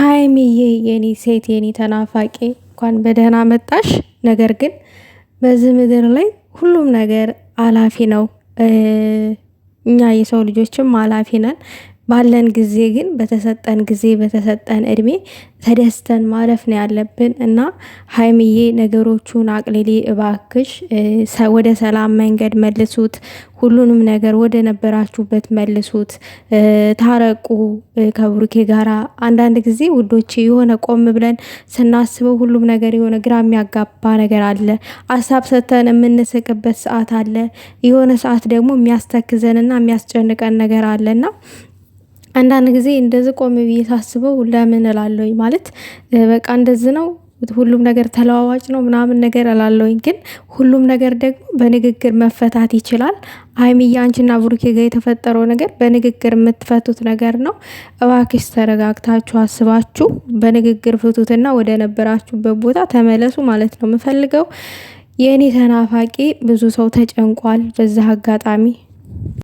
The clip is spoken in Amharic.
ሀይሚዬ የኔ ሴት የኔ ተናፋቂ እንኳን በደህና መጣሽ። ነገር ግን በዚህ ምድር ላይ ሁሉም ነገር አላፊ ነው። እኛ የሰው ልጆችም አላፊ ነን። ባለን ጊዜ ግን በተሰጠን ጊዜ በተሰጠን እድሜ ተደስተን ማለፍ ነው ያለብን እና ሀይምዬ ነገሮቹን አቅልሌ እባክሽ ወደ ሰላም መንገድ መልሱት። ሁሉንም ነገር ወደ ነበራችሁበት መልሱት። ታረቁ ከብሩኬ ጋራ። አንዳንድ ጊዜ ውዶቼ የሆነ ቆም ብለን ስናስበው ሁሉም ነገር የሆነ ግራ የሚያጋባ ነገር አለ። አሳብ ሰተን የምንስቅበት ሰዓት አለ። የሆነ ሰዓት ደግሞ የሚያስተክዘንና የሚያስጨንቀን ነገር አለና አንዳንድ ጊዜ እንደዚህ ቆም ብዬ ሳስበው ለምን እላለሁኝ። ማለት በቃ እንደዚህ ነው ሁሉም ነገር ተለዋዋጭ ነው ምናምን ነገር እላለሁኝ። ግን ሁሉም ነገር ደግሞ በንግግር መፈታት ይችላል። ሀይሚዬ አንቺና ብሩኬ ጋር የተፈጠረው ነገር በንግግር የምትፈቱት ነገር ነው። እባክሽ ተረጋግታችሁ አስባችሁ በንግግር ፍቱትና ወደ ነበራችሁበት ቦታ ተመለሱ ማለት ነው የምፈልገው። የእኔ ተናፋቂ ብዙ ሰው ተጨንቋል በዛ አጋጣሚ